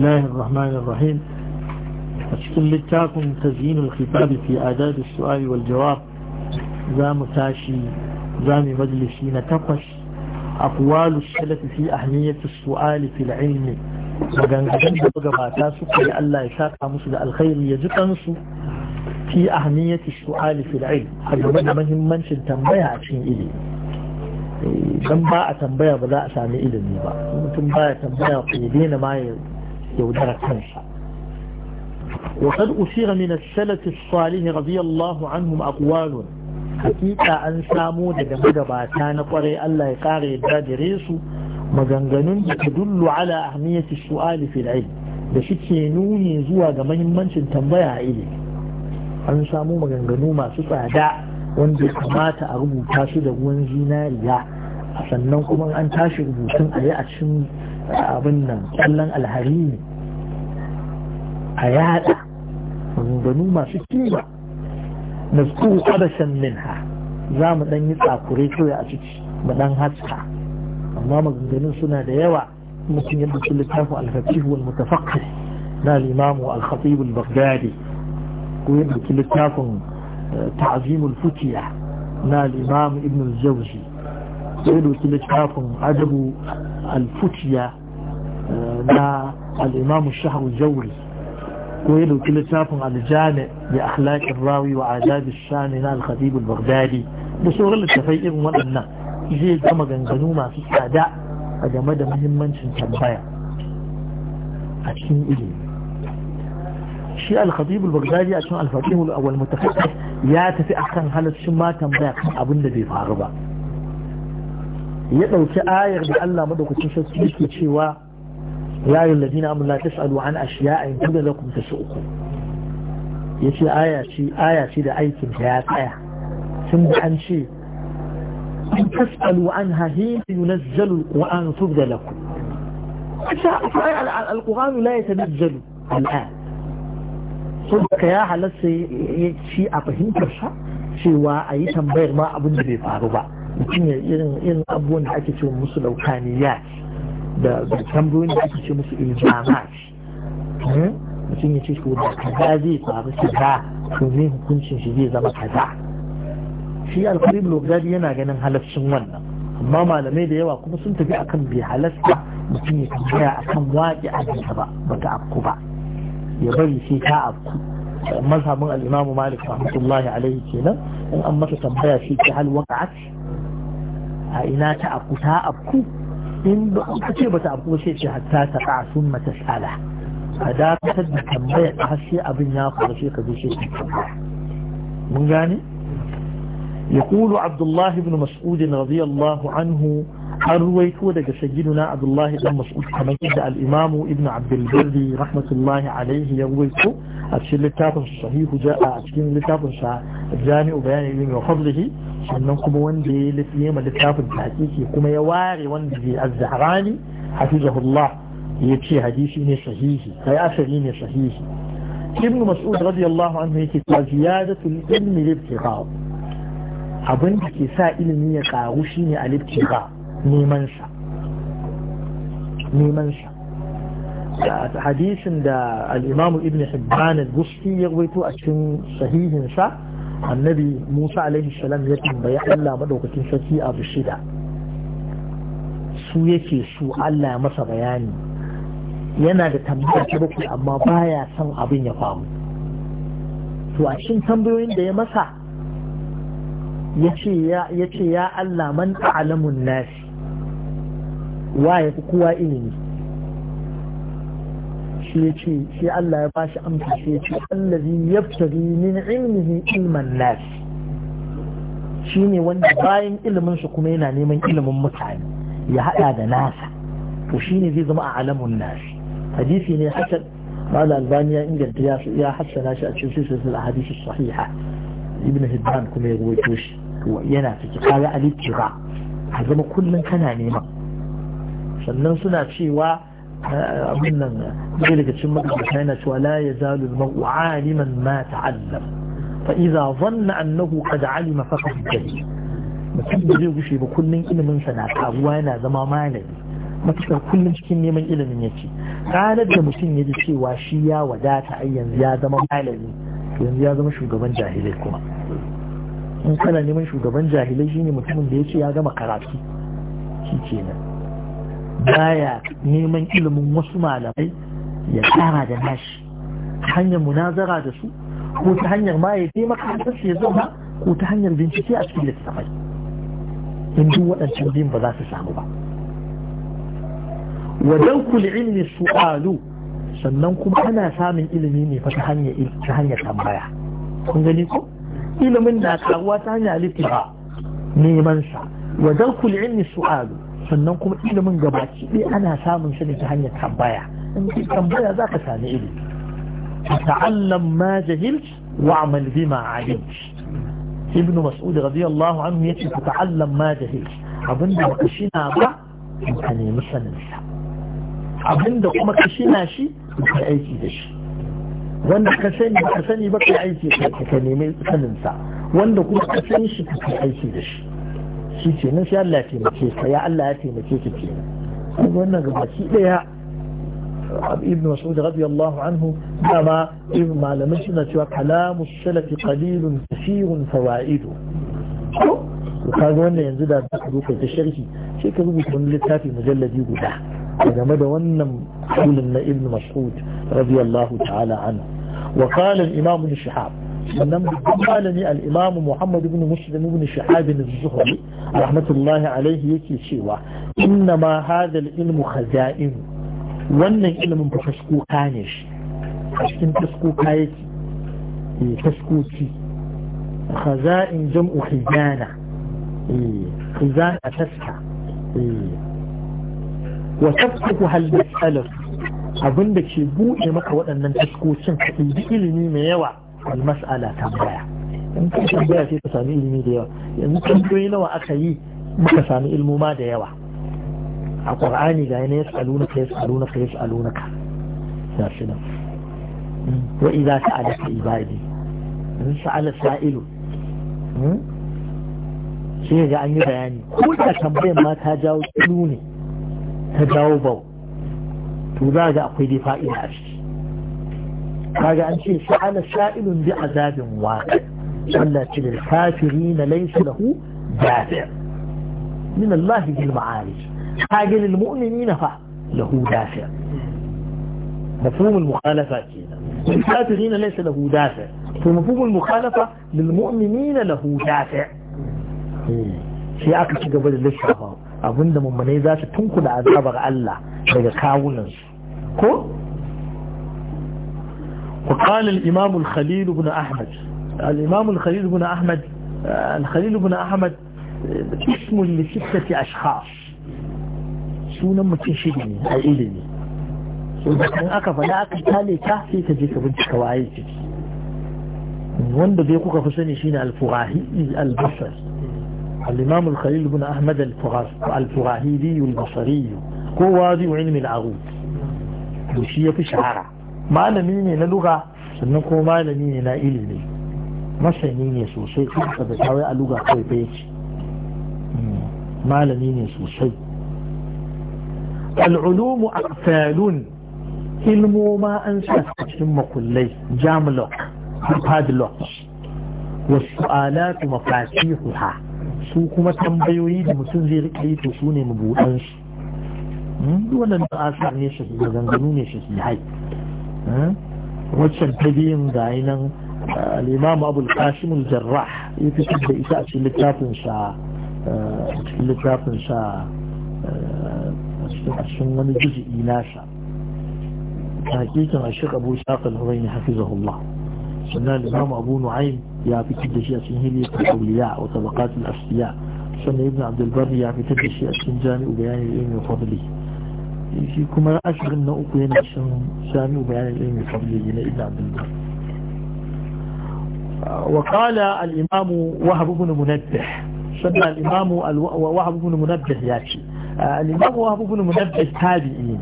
الله الرحمن الرحيم أشكل لتاكم تزيين الخطاب في آداب السؤال والجواب زام تاشي زام مجلسين تقش أقوال السلف في أهمية السؤال في العلم وغنغن بغباتا سكر ألا يشاقى مسل الخير يجقنس في أهمية السؤال في العلم أجمد مهمان تنبيع عشين إلي dan ba a tambaya ba za a sami ilimi ba mutum ba ya tambaya ku daina ma ya يودر كنسا وقد أسير من السلف الصالح رضي الله عنهم أقوال حقيقة أن سامو دقم باتان قري الله يقاري الدادريس مغنغنون تدل على أهمية السؤال في العلم da suke nuni zuwa ga تنبيع tambaya a ilimi an ما maganganu masu tsada wanda kamata a rubuta su sannan kuma an tashi rubutun a yi a cikin abin nan kallon alhari ne a yada maganganu masu kima na tsohu abashan minha za mu dan yi tsakure kawai a ciki mu dan haska amma maganganun suna da yawa mutum yadda su littafin alfatih wal mutafakkir na limamu al-khatib ko yadda su littafin eh, ta'azimul fukiya na limamu ibn al-jawzi ya doki littafin adabu alfutiya eh, na al'imamu shahar jauri ko ya doki littafin aljami da akhlaqin rawi wa adabi shani na alkhadibul bagdadi da sauran littafai irin waɗannan zai gama ganganu masu tsada a game da muhimmancin tambaya a cikin ilimi shi alkhadibul bagdadi a cikin alfaqihul awwal mutafaqqih ya tafi akan halaccin ma tambaya kan abin da bai faru ba ya ɗauki ayar da Allah madaukakin sarki yake cewa ya yi lalzina amurla ta sa'adu an ashiya a yanzu da lakum ta uku ya ce aya ce da aikin ta ya tsaya sun da an ce in tas'alu an hahi yunazzalu al-qur'an tubda lakum wata al-qur'an la yatanazzalu al-an saboda ya halarsa shi a fahimtar sa cewa a yi tambayar ma abin da bai faru ba mutum ya irin irin abubuwan da ake ce musu laukaniyat da tambayoyin da ake ce musu iljamat hmm? mutum ya ce da kaza zai faru kaza to ne hukuncin shi zai zama kaza shi alfarib logari yana ganin halaccin wannan amma malamai da yawa kuma sun tafi akan bai halasta mutum ya tambaya akan waƙi abinta ba bata afku ba ya bari sai ta afku mazhabin al-imamu malik rahmatullahi alaihi kenan in an masa tambaya shi ta hal waqa'at a ina ta afku ta afku in ba ka ce ba ta afku sai ce hatta ta ka sun mata sala ka dakatar da tambaya ta sai abin ya faru sai ka zo shi ka mun gane يقول عبد الله بن مسعود رضي الله عنه har ruwaito daga shagiduna abdullahi dan mas'ud kamar yadda al-imamu ibn abdul rahmatullahi alaihi ya ruwaito a cikin littafin sahihu ja'a a cikin littafin sa jami'u bayani fadlihi sannan kuma wanda ya yi ma littafin hakiki kuma ya ware wanda bai az-zahrani hafizahullah ya ce hadisi ne sahihi kai asali ne sahihi ibn mas'ud radiyallahu anhu yake cewa ziyadatul ilmi lil abin da ke sa ilimi ya karu shine a ibtiqa neman sa hadisin da al'imamu ibn hibban al gusti ya waito a cikin sahihinsa annabi musa alaihi salam ya tambayi allah maɗaukacin sarki abu shida su yake su allah masa bayani yana da tambaya ta bakwai amma baya son abin ya faru to a cikin tambayoyin da ya masa ya ce ya allah man a'lamun nasi wa ya fi kowa ilimi shi ya ce shi Allah ya ba shi amsa shi ya ce allazi yaftari min ilmihi ilman nas shi ne wanda bayan ilimin su kuma yana neman ilimin mutane ya hada da nasa to shi ne zai zama a alamun nas hadisi ne hasan mala albani ya inganta ya ya hassana shi a cikin silsilar ahadisi sahiha ibn hibban kuma ya rawaito shi yana cikin kaya al-ibtira a zama kullun kana neman sannan suna cewa eh, abin nan zai daga cikin magabata yana cewa la ya zalu mar'u aliman ma ta'allam fa idza dhanna annahu qad alima qad jahil mutum da zai gushe ba kullun ilimin sa na karuwa yana zama malami matukar kullun cikin neman ilimin yake ranar da mutum ya ji cewa shi ya wadata ai yanzu ya zama malami yanzu ya zama shugaban jahilai kuma in kana neman shugaban jahilai shine mutumin da ya ya gama karatu shi kenan baya neman ilimin wasu malamai ya tsara da nashi hanyar munazara da su ko ta hanyar ma ya je makarantar su ya zauna ko ta hanyar bincike a cikin littattafai in duk waɗancan biyun ba za su samu ba wa daukul ilmi su'alu sannan kuma ana samun ilimi ne fa ta hanyar ta hanyar tambaya kun gani ko ilimin da karuwa ta hanyar littafa neman sa wa daukul ilmi su'alu sannan kuma ilimin gabaki ɗaya ana samun shi ne ta hanyar tambaya in ki tambaya za ka sami ilimi ta'allam ma jahil wa amal bima alim ibn mas'ud radiyallahu anhu yace ta'allam ma jahil abinda baka shina ba ka nemi sanin sa abinda kuma ka shina shi ka aiki da shi wanda ka sani ba ka sani ba ka aiki ka nemi sanin sa wanda kuma ka san shi ka aiki da shi shi ce na sai Allah ya taimake ka ya Allah ya taimake ki ke wannan ga baki daya ibn mas'ud radiyallahu anhu dama ibn malamin suna cewa kalamu salafi qalilun kasirun fawaidu ka ga wannan yanzu da zaka zo kai ta sharhi sai ka rubuta wani littafi mujalladi guda game da wannan kulin na ibn mas'ud radiyallahu ta'ala anhu wa qala al-imam shihab sannan babban malami al-imam Muhammad ibn Muslim ibn Shihab ibn Zuhri rahmatullahi alaihi yake cewa inna ma hadha ilmu khaza'in wannan ilimin ba taskuka ne shi a cikin taskuka yake eh, taskuki khaza'in jam'u khizana eh, khizana taska eh. wa taskuku hal mas'alatu abinda ke buɗe maka waɗannan taskocin ka ilimi mai yawa al-mas'ala tambaya in ka tambaya sai ka sami ilimi da yawa yanzu tambayoyi nawa aka yi muka sami ilmuma da yawa a qur'ani ga yana yas'alunaka yas'alunaka yas'alunaka ya shi nan hmm. wa idza sa'alaka ibadi in sa'ala sa'ilu hmm. shi ga an yi bayani ko da tambayar ma ta jawo tsulu ne ta jawo bau to za ga akwai dai fa'ida a ciki kaga an ce sa'ala sha'ilun bi azabin waqi Allah ce lil kafirin laysa lahu dafi' min Allah bil ma'arij kaga lil mu'minina fa lahu dafi' مفهوم المخالفة كده للكافرين ليس له دافع فمفهوم المخالفة للمؤمنين له دافع sai aka ci gaba da lissafa abinda mummunai za su tunkula azabar Allah daga kawunansu ko وقال الإمام الخليل بن أحمد الإمام الخليل بن أحمد الخليل بن أحمد اسم لستة أشخاص سونا متشدني أئلني وإذا أكف لا أكف تالي كافي تجيك بنتك وعيتك وند بيقوك فسني شين الفغاهي البصر الإمام الخليل بن أحمد الفغاهي البصري هو واضي علم العروض وشي في شعره malami ne na lugha sannan kuma malami ne na ilimi masani ne sosai kuma da kawai a lugha kawai bai yake hmm. malami ne sosai al'ulumu a ilmo ma an sa cikin makullai jamlock padlock wasu alatu mafatihuha su kuma tambayoyi da mutum zai rike yi to su ne mabudansu hmm. wannan da asar ne shahihai ganganu ne hai وشن تدين داينا آه، الإمام أبو القاسم الجراح يتكب شلتات ان شاء شلتات آه، ان شاء عشان آه، من جزء إناشا حقيقة الشيخ أبو اسحاق الهريني حفظه الله سنة الإمام أبو نعيم يعطي كل شيء سنهلية الأولياء وطبقات الأسلياء سنة ابن عبد البر يعطي كل شيء سنجاني وبياني الإيم وفضله shi kuma ashirin na uku yana shan sami bayanin ilmi fabiliyyi na ibn abdullah wa qala al imam wahab ibn munabbih sabba al imam al ya ce al imam wahab ibn ta bi ne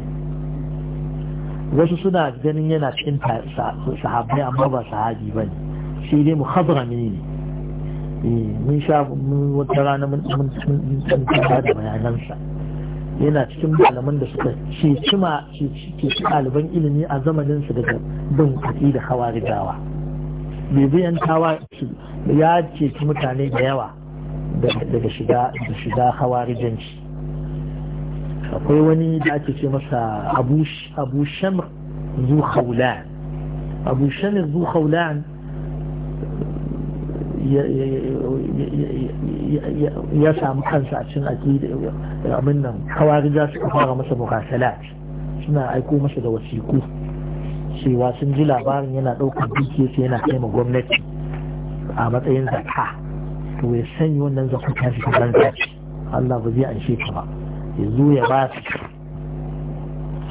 wasu suna ganin yana cikin sahabbai amma ba sahabi ba ne shi dai muhadrami ne mun sha wata rana mun tsanta da bayanansa yana cikin malaman da suka ce cima ceci ɗaliban ilimi a zamanin su daga bin kaɗi da hawa rigawa bibiyan tawa ya ceci mutane da yawa daga shiga da shiga akwai wani da ake ce masa abu shamr zu khaulan abu shamr zu ya samu kansa a cin aƙida abin nan kawari za su fara masa mukasalat suna aiko masa da wasiku cewa sun ji labarin yana ɗaukar su yana kai gwamnati a matsayin zaka to ya sanya wannan zaka ta shi kan Allah ba zai an ta ba ya zo ya ba su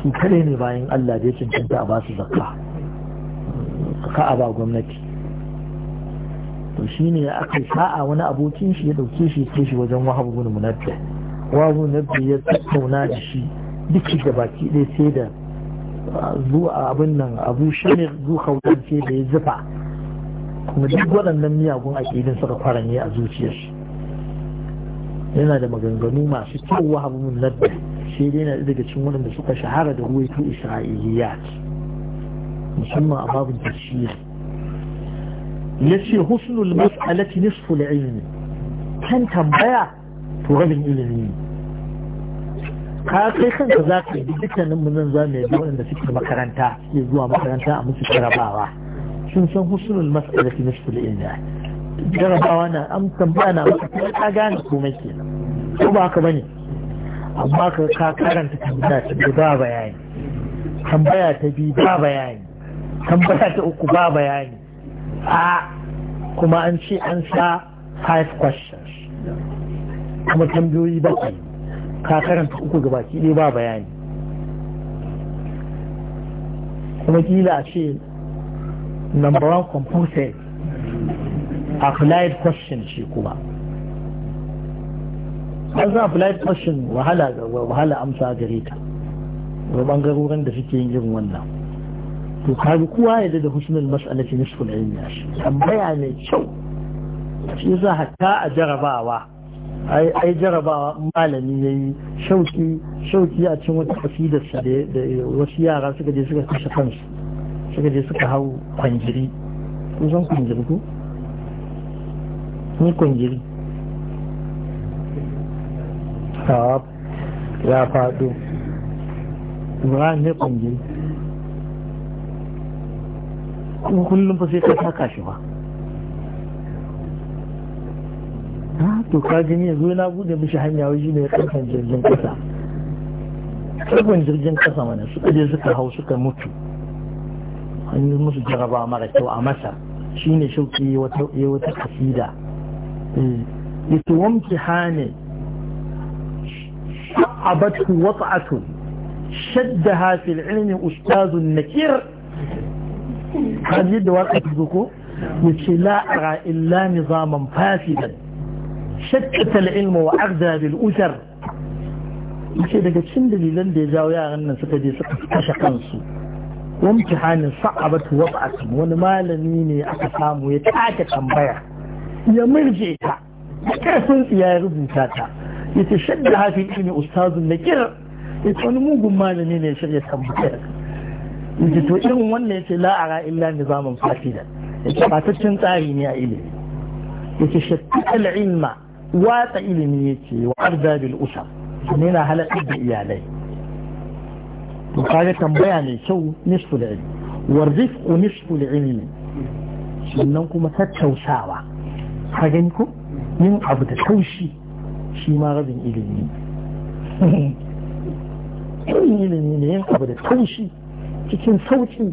su kare ne bayan Allah da ya cancanta a ba su zakka ka a ba gwamnati to shine aka sa'a wani abokin shi ya dauke shi ya shi wajen wahabu bin munabbi wahabu munabbi ya tattauna da shi duk da baki ɗaya sai da zuwa abin nan abu shamir zuwa khawdan sai da ya zufa kuma duk waɗannan miyagun aƙidin suka fara ne a zuciyar shi yana da maganganu masu kyau wahabu bin munabbi sai dai na daga cikin waɗanda suka shahara da ruwaito isra'iliyat musamman a babin tafsiri yace husnul mas'alati nisful ilmi kan tambaya to rabin ilimi ka kai kanka za ka yi dukkanin mu nan za mu yi waɗanda suke makaranta suke zuwa makaranta a musu jarabawa sun san husnul mas'alati nisful ilmi jarabawa na an tambaya na musu kuma ka gane komai kenan ko ba haka bane amma ka ka karanta tambaya ta biyu ba bayani tambaya ta biyu ba bayani tambaya ta uku ba bayani a kuma an ce an sa five questions kuma tambayoyi bakwai ka karanta uku ga baki ɗaya ba bayani kuma kila a ce number one composite applied question ce kuma an za applied question wahala amsa gare ta ga bangarorin da suke yin irin wannan to kaga kowa ya da husnul mas'alati ya shi tambaya mai kyau shi za hatta a jarabawa ai ai jarabawa malami yayi shauki shauki a cikin wata kasidar sa da wasu yara suka je suka kashe kansu suka je suka hau kwanjiri kun san kwanjiri ko ni kwanjiri ya faɗo Ibrahim ne kwanjiri kuma kullum fa sai ka saka shi ba to ka gani yanzu na bude mishi hanya ne ya kankan jirgin kasa karfin jirgin kasa mana suka je suka hau suka mutu an yi musu jaraba mara kyau a masa ne shauki ya wata kasida eh, ya tuwamki hane sha'abatu wata'atu shadda hafi ilmi ustazun nakir kan yadda waka ta ko ya ce la'ara illa nizaman fasidan shakkata al-ilma wa arda bil usar ce daga cin dalilan da ya jawo yaran nan suka je suka kashe kansu wamtihanin sa'abatu wab'atu wani malami ne aka samu ya take tambaya ya murje ta kafin tsiya ya rubuta ta ce shadda hafi ne ustazun ya ce wani mugun malami ne ya shirya tambayar inji to irin wannan yake la'ara illa nizaman fasida yake tsari ne a ilimi yake shattal ilma watsa ilimi yace wa arda bil usar sannan yana halakar da iyalai to kaga tambaya mai kyau nisfu da ilimi wa rifqu nisfu da ilimi sannan kuma tattausawa ka gani ko yin abu da taushi shi ma rabin ilimi ilimi ne yin abu da taushi cikin sauƙi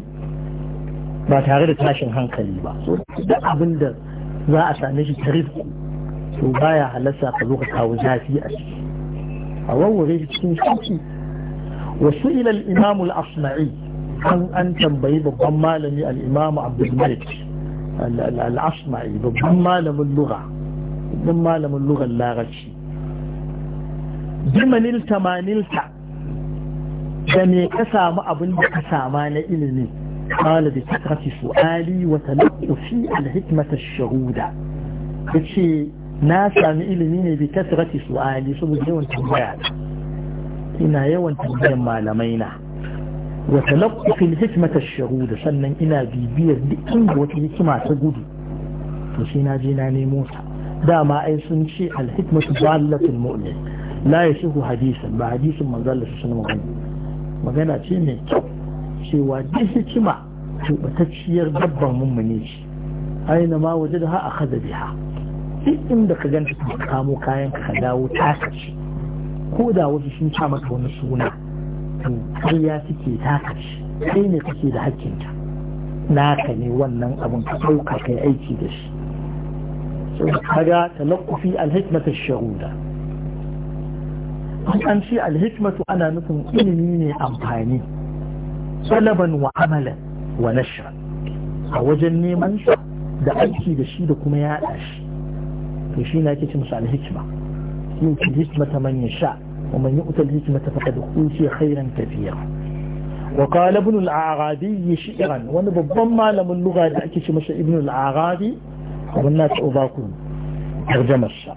ba tare da tashin hankali ba duk abin da za a same shi ta rifku to baya halarsa ka zo ka kawo zafi a ciki a wawware shi cikin sauƙi wasu ilal imamul asma'i an an tambayi babban malami al-imamu abdulmalik al-asma'i babban malamin lura babban malamin lugar larabci bimanil tamanilta da me ka samu abin da ka sama na ilimi qala bi قال بكثرة سؤالي وتلقفي ash-shuhuda kace na sami ilimi ne bi kasrati su'ali saboda yawan tambaya ina yawan tambayan malamai na wa talaqqufi al-hikmata ash shuhuda sannan ina bibiyar duk inda wata hikima ta gudu to sai na je na nemo ta dama ai sun ce al-hikmatu dallatu mumin la yashu hadisan ba hadisin manzo Allah sallallahu alaihi wasallam magana ce mai kyau cewa duk hikima tubatacciyar dabban mummune ce aina ma waje da ha'a a kada biha duk inda ka ganta ka kamo kayan ka dawo ta kace ko da wasu sun sa mata wani suna to ya suke ta kace kai ne kake da hakkin hakkinta naka ne wannan abin ka ɗauka kai aiki da shi kaga talaqqufi al-hikmata ash-shahuda an ce alhikmatu ana nufin ilimi ne amfani salaban wa amalan wa nasha a wajen neman sa da aiki da shi da kuma yaɗa shi to shi na ake ce masa alhikma yuki hikmata man yasha wa man ta faɗa da utiya khairan tafiya wa qala ibn al-arabi shi'ran wani babban malamin lugha da ake ce masa ibn al-arabi wannan ta ubaku tarjumar sa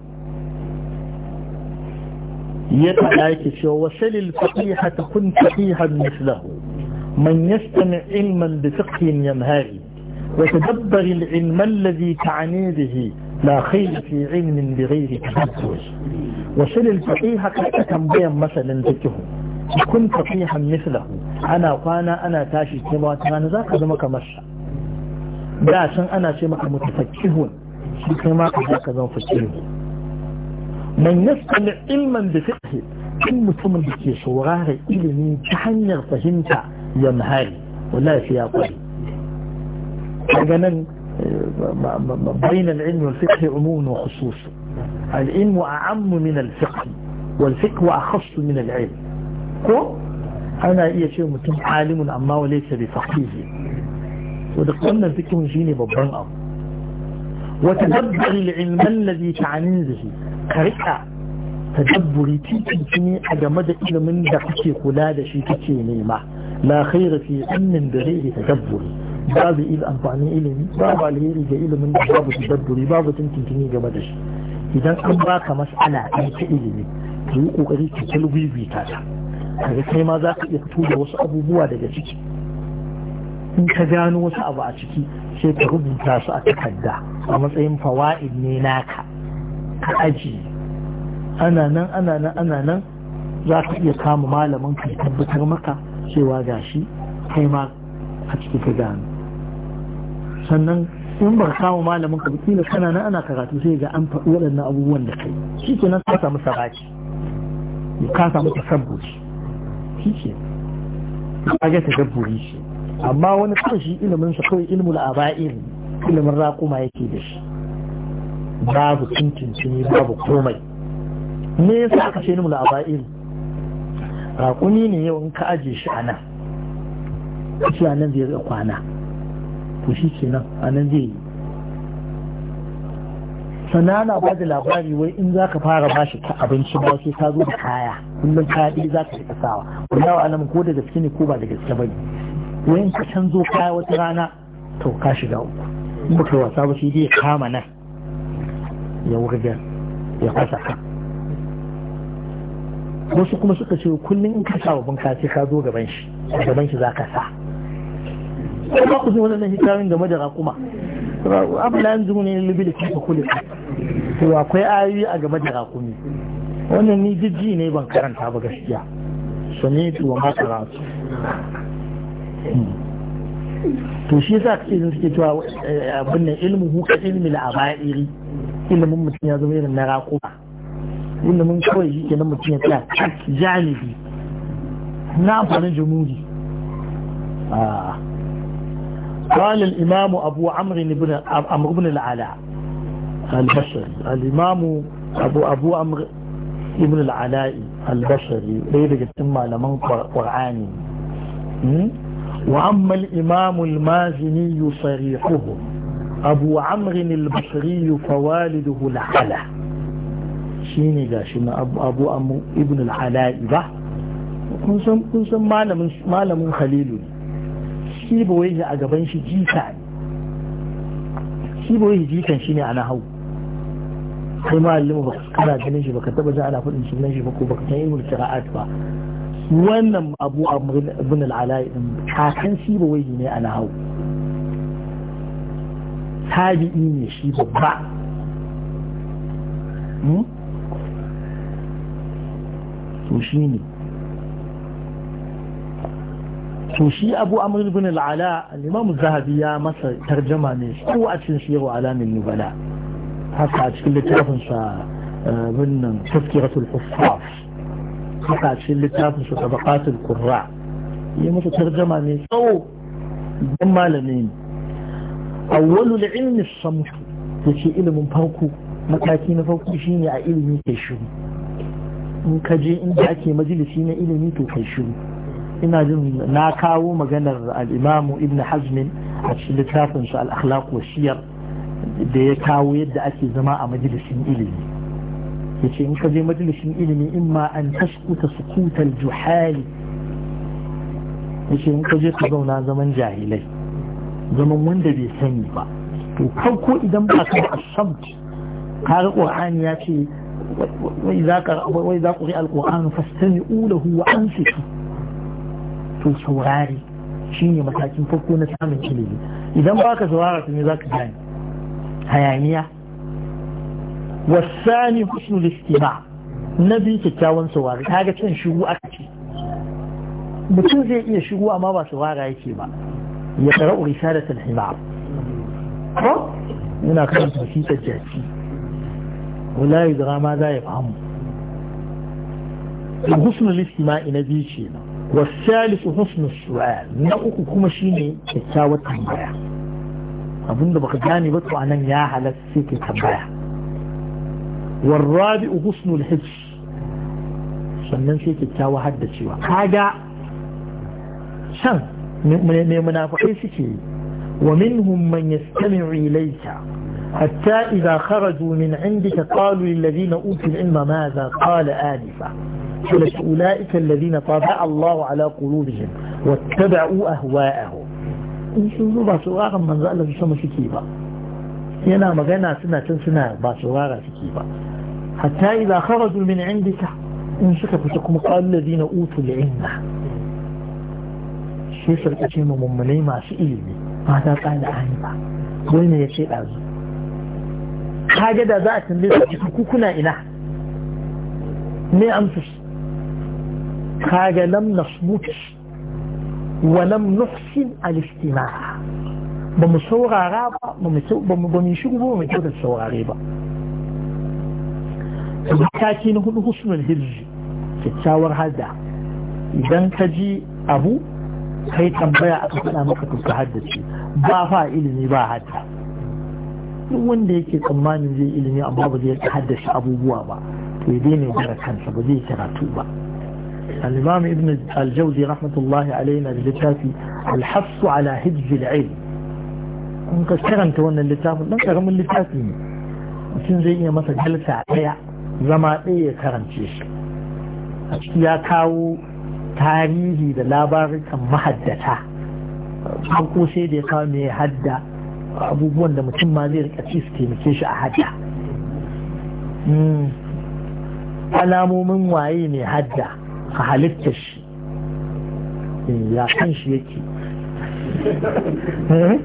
يدعى كشو وسل الفقيحة كن فقيحا مثله من يستمع علما بفقه ينهاري وتدبر العلم الذي تعني به لا خير في علم بغير تدبر وسل الفقيحة كتنبيا مثلا ذكه كن فقيحا مثله أنا قانا أنا تاشي كما أنا ذاك ذمك مرشا da san ana ce maka mutafakihun shi kai ma من يستمع علما بفقه كل مسلم بكي ke saurara ilimi ta hanyar fahimta ولا mahari wallahi ya kwari بين العلم والفقه عموم وخصوص العلم أعم من الفقه والفقه أخص من العلم كو أنا إيه شيء متن عالم أما وليس بفقيه ودقلنا الفقه جيني ببرن وتدبر العلم الذي تعنيزه ka rika dabburi titi ne a game da ilimin da kake kula da shi kake nema la khaira fi ilmin da ta dabburi babu il amfani ilimi babu alheri ga ilimin da babu dabburi babu tintintini game da shi idan an baka mas'ala a ta ilimi ka yi kokari ki talbibita ta kaga kai ma za ka iya fito da wasu abubuwa daga ciki in ka gano wasu abu a ciki sai ka rubuta su a takarda a matsayin fawa'id ne naka ka aji ana nan ana nan ana nan za ka iya kama malamin ka tabbatar maka cewa gashi kai ma a cikin ka gano sannan in ba kama malamin ka kila kana nan ana karatu sai ga an faɗi waɗannan abubuwan da kai shi ke nan ka samu sabaki ka samu tasabbuci shi ke ka ga tadabburi shi amma wani kashi shi ilimin sa kawai ilmul aba'ir ilimin raƙuma yake da shi babu cini babu komai me yasa aka ce nimul aba'il raƙuni ne yau in ka aje shi a nan shi a nan zai ga kwana to shi ke nan a nan zai yi sannan na ba da labari wai in za ka fara ba shi abinci ba sai ta zo da kaya kullum kaya ɗaya za ka rika sawa wanda wa alamu ko da gaske ne ko ba da gaske ba ne wai in ka canzo kaya wata rana to ka shiga uku in ba ka wasa ba sai dai ya kama nan ya wurga ya kasa ka wasu kuma suka ce kullum in ka sa babban sai ka zo gaban shi gaban shi za ka sa ba ku zo wannan hikayoyin game da raƙuma abla yanzu zuwa ne libili ka kula to akwai ayoyi a game da raƙumi wannan ni jijji ne ban karanta ba gaskiya samitu wa ma karatu to shi yasa kace sun suke cewa abin nan hu ka ilmi al-aba'iri ilimin mutum ya zama irin na rako ilimin kawai shi kenan mutum ya tsaya cak janibi na amfanin jumuri قال الإمام أبو عمرو بن عمرو بن العلاء البشري الإمام أبو أبو عمرو بن العلاء البشري ليه ثم لمن قرآني وأما الإمام المازني صريحهم abu amrin al-bashri fawaliduhu al-ala shine gashi na abu amu ibn al-ala ba kun san kun san malamin malamin khalilu shi boye a gaban shi jita ne shi boye jikan shine ana hau kai malamin ba kana ganin shi baka taba jin ana fadin sunan shi ba ko baka san ilmul qira'at ba wannan abu amrin ibn al-ala kakan shi boye ne ana hau tabi'i ne shi babba to shi ne to shi abu amur ibn al'ala al'imamu zahabi ya masa tarjama ne ko a cikin shi yawa alamin nubala haka a cikin littafinsa binnan tafkiratul huffaf haka a cikin littafinsa tabaqatul qurra ya masa tarjama ne tsawo dan malami ne awwalul ilmi samtu yace ilimin farko mataki na farko shine a ilimi kai shiru in ka je inda ake majalisi na ilimi to kai shiru ina jin na kawo maganar al-imamu ibn hazmin a cikin littafin sa al-akhlaq wa da ya kawo yadda ake zama a majalisin ilimi yace in ka je majalisin ilimi imma an taskuta sukutal juhali yace in ka je ka zauna zaman jahilai zaman wanda bai sani ba to farko idan ba ka da asabt har qur'ani ya ce wai za ka wai za ku ri alquran fastani ulahu wa ansitu to saurari shine matakin farko na samun ilimi idan ba ka saurara to me za ka gani hayaniya wasani husnul istima na biyu kyakkyawan saurari kaga cin shiru aka ce mutum zai iya shiru amma ba saurara yake ba يقرأ رسالة الحمار أه؟ هنا كانت وثيقة جاتي ولا يدرى ماذا يفهم حسن الاستماع نبي شينا والثالث حسن السؤال نأخو كما شيني كتاوة تنبايا أبن دبق جاني بطو أنا يا على السيكي تنبايا والرابع حسن الحفظ سننسيك sai kyakkyawa haddacewa حاجة can mai munafukai suke wa minhum man yastami'u ilayka hatta idza kharaju min indika qalu lil ladina utul ilma madha qala anifa أولئك الذين طبع الله على قلوبهم واتبعوا أهواءهم in sun zo ba sauraron manzo Allah su sama suke ba yana magana suna can suna ba saurara suke ba hatta idza kharaju min indika in suka fita kuma qalu ladina utul ilma sai su rika ce mummunai masu ilimi ba mata tsada ba, dole ne ya ce ɗazu kage da za a tambaye su ku kuna ina me amsa ga lam nasmut wa lam nuhsin al-istima' ba mu saurara ba ba mu shiru ba mu kyau da saurare ba mataki na hudu husnul hizzi kyakkyawar hada idan ka ji abu kai tambaya aka faɗa maka ka haddace ba fa ilimi ba hadda duk wanda yake tsammanin zai ilimi amma ba zai haddace abubuwa ba to ya daina gara kansa ba zai karatu ba al-imam ibn al-jawzi rahmatullahi alayhi na littafi al-hafsu ala hijz al-ilm in ka karanta wannan littafin dan karamin littafi ne mutum zai iya masa jalsa daya zama ɗaya ya karance shi a ciki ya kawo tarihi da labarukan mahaddata farko sai da ya kawo mai hadda abubuwan da mutum ma zai rika ci su taimake shi a hadda hmm. alamomin waye mai hadda a halittar shi hmm, ya kan shi yake hmm?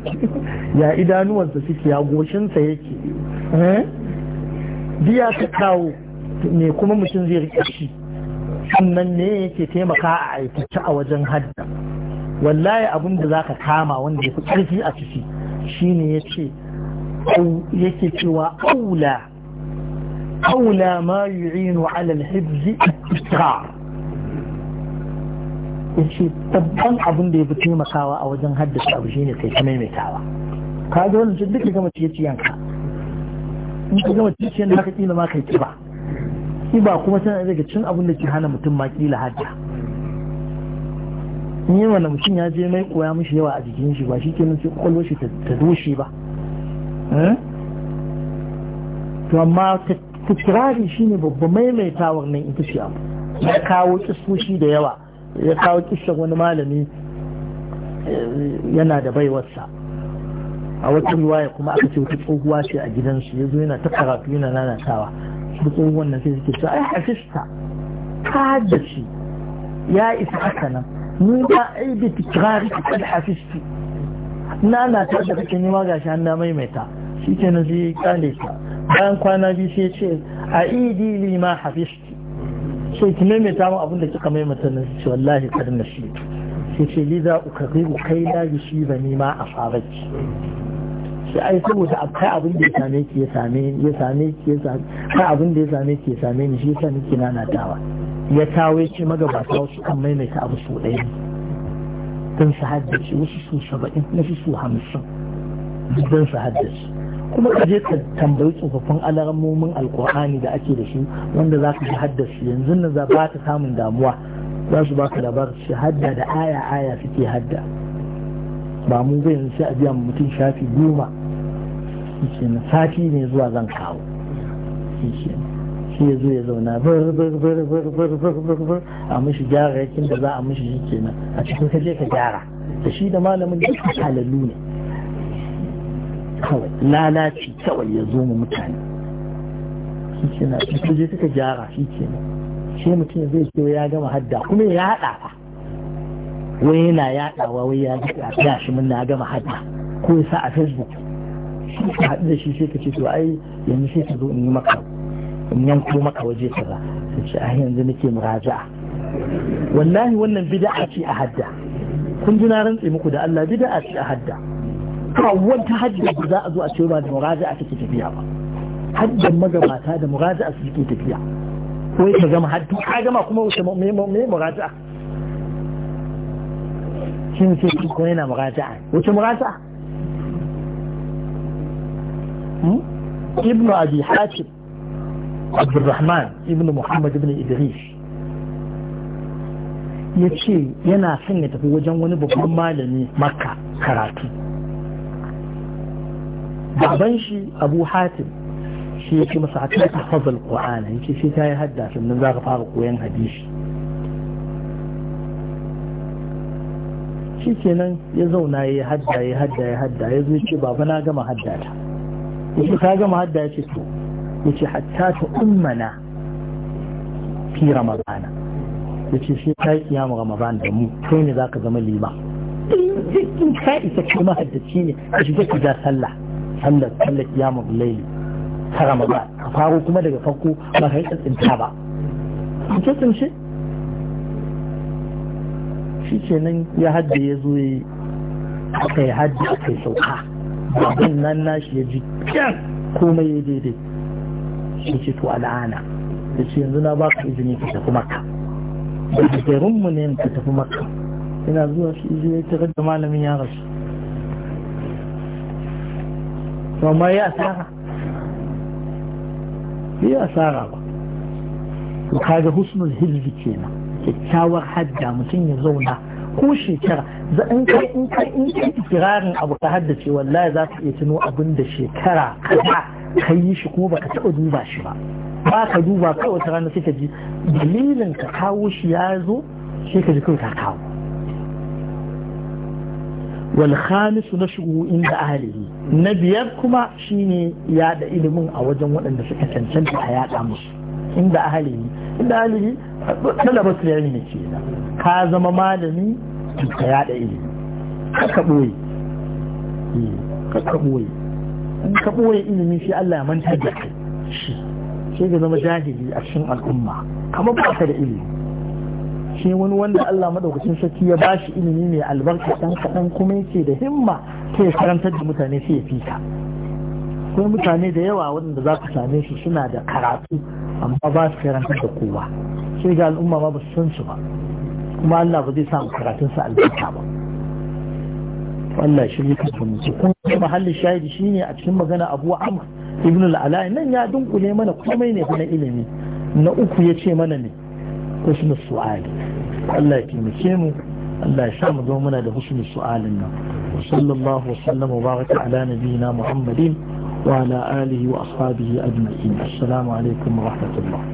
ya idanuwansa suke ya goshinsa yake biya ta kawo me kuma mutum zai rika shi sannan ne yake taimaka a aikace a wajen hadda wallahi abin da zaka kama wanda yafi karfi a ciki shine yace yake cewa aula aula ma yu'inu ala al-hibzi at-israr yace babban abin da yafi taimakawa a wajen haddace abu shine kai ta maimaitawa kaga wannan duk da gama ciye ciyanka in ka gama ciye ciyan da haka kila ma kai kiba ba kuma tana daga cin abin da ke hana mutum ma kila hajja in yi wanda mutum ya je mai koya mishi yawa a jikin shi ba shi ke nan sai shi ta doshe ba eh? to amma kirari shi ne babba maimaitawar nan ita ce abu ya kawo kisoshi da yawa ya kawo wani malami eh, yana da baiwarsa a wata ruwaya kuma aka ce wata tsohuwa ce a gidansu ya zo yana ta karatu yana nanatawa su wannan sai suke cewa ai hafista ta da shi ya isa haka nan ni ba ai bi tikirari kad hafisti na na ta da kake nima ga shi hannu maimaita shi ke nan sai kane ka bayan kwana biyu sai ce a idi li ma hafisti sai ki maimaita mu abin da kika maimaita na sai wallahi kad na shi sai ce ukari za ukarriru kai la yusiba ni ma asabaki shi ai saboda kai abin da ya same ki ya same ya same ki ya same kai abin da ya same ki ya same ni shi yasa nake nanatawa ya tawo ya ce magabata wasu kan maimaita abu su ɗaya don su haddace wasu su saba'in na su hamsin don su haddace kuma ka je ka tambayi tsofaffin alamomin alkur'ani da ake da shi wanda za ka ji haddace yanzu nan za ba ta samun damuwa za su ba ka labarin shi hadda da aya aya suke hadda ba mu zai yanzu sai a biya mutum shafi goma kenan sati ne zuwa zan kawo shi ya zo ya zauna bir bir bir bir bir bir bir bir a mishi gyara yakin da za a mishi shi kenan a cikin kaje ka gyara da shi da malamin duk halallu ne kawai lalaci kawai ya zo mu mutane shi ke a shi kaje suka gyara shi kenan shi mutum zai ce ya gama hadda kuma ya haɗa fa wai yana yaɗawa wai ya ga shi mun na gama hadda ko ya sa a facebook shi ka haɗu da shi sai ka ce to ai yanzu sai ka zo in yi maka in yanko maka waje kaza sai ce ai yanzu nake muraja. wallahi wannan bid'a ce a hadda kun ji na rantse muku da Allah bid'a ce a hadda ba wata hadda da za a zo a ce ba da muraja'a take tafiya ba haddan magabata da muraja'a su tafiya ko ka gama haddu ka gama kuma wace me muraja'a shin sai ko yana muraja'a wuce muraja'a ibn abi hatim abdurrahman ibn muhammad ibn idris ya ce yana son ya tafi wajen wani babban malami makka karatu baban shi abu hatim shi ya ce masa a kai ƙwa'ana ya ce sai ta yi hadda sannan za ka fara koyan hadisi shi kenan ya zauna ya yi hadda ya hadda ya hadda ya zo ce baba na gama hadda ta yake ka gama hadda ya yace to yace hatta ta ummana fi ramadana yace shi ta yi kiyama ramadan da mu kai ne ka zama lima in ka isa kuma haddaci ne ka shiga ka ja sallah sallar sallar kiyama bulaili ta ramadan ka faro kuma daga farko ba ka yi tsantsinta ba ku tsintsince shi nan ya hadda ya zo ya kai hadda kai sauka abin nan nashi ya ji kyan komai ya daidai shi ce to al'ana da ce yanzu na ba ka izini ka tafi maka da garin mu ne ka tafi maka ina zuwa shi izi ya tafi da malamin ya rasu amma ya asara ya asara ba ka ga husnul ke kenan kyakkyawar hajja mutum ya zauna ko shekara za in kai in kai in kai kirarin abu ka haddace wallahi za ka iya tuno abin da shekara kaza ka yi shi kuma baka taɓa duba shi ba ba ka duba kai wata rana sai ka ji dalilin ka kawo shi ya zo sai ka ji kawai ka kawo wal khamisu nashu inda ahlihi na biyar kuma shine yada ilimin a wajen waɗanda suka cancanta a yaɗa musu inda ne inda ahalihi yari ne ke ka zama malami ka yada ilimi ka boye eh, ka boye in ka boye ilimi shi Allah ya manta da kai shi sai ga zama jahili a cikin al'umma kamar ba ka da ilimi shi wani wanda Allah madaukakin sarki ya bashi ilimi mai albarka dan kadan kuma yake da himma sai ya karantar da mutane sai ya fita akwai mutane da yawa waɗanda za ku same su suna da karatu amma ba su karanta da kowa sai ga al'umma ma ba su san su ba kuma Allah ba zai samu karatun su albarka ba Allah shi ne kafin mu kun mahallin shahidi shine a cikin magana Abu Amr ibn al-Ala nan ya dunkule mana komai ne na ilimi na uku ya ce mana ne husnul su'ali Allah ya taimake mu Allah ya sa mu zo muna da husnul su'alin nan sallallahu wa sallama wa baraka ala nabiyina Muhammadin وعلى آله وأصحابه أجمعين السلام عليكم ورحمة الله